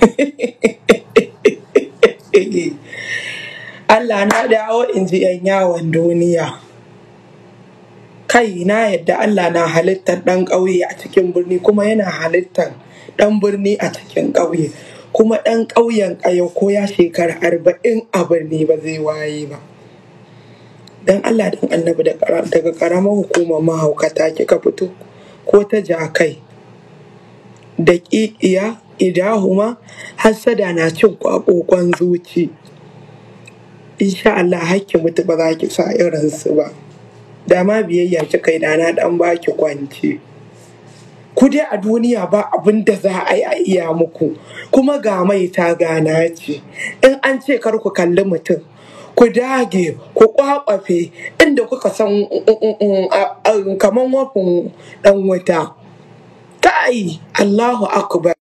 Allah na dawo in ji ‘yan yawon duniya. Kai na yadda Allah na halittar ɗan ƙauye a cikin birni kuma yana halittar ɗan birni a cikin ƙauye. Kuma ɗan ƙauyen ƙayau ko ya shekara arba'in a birni ba zai waye ba. Don Allah don annabi daga ƙaramar hukumar mahaukata kika fito ko ta jakai da ƙiƙiya idahuma hassada na cin kwakokon zuci insha Allah hakki mutu ba za ki sa irin su ba dama biyayya ki kai dana dan baki kwanci ku dai a duniya ba abin da za a yi a iya muku kuma ga mai ta gana ce in an ce kar ku kalli mutum ku dage ku kwakwafe inda kuka san kaman wafin dan wuta kai Allahu akbar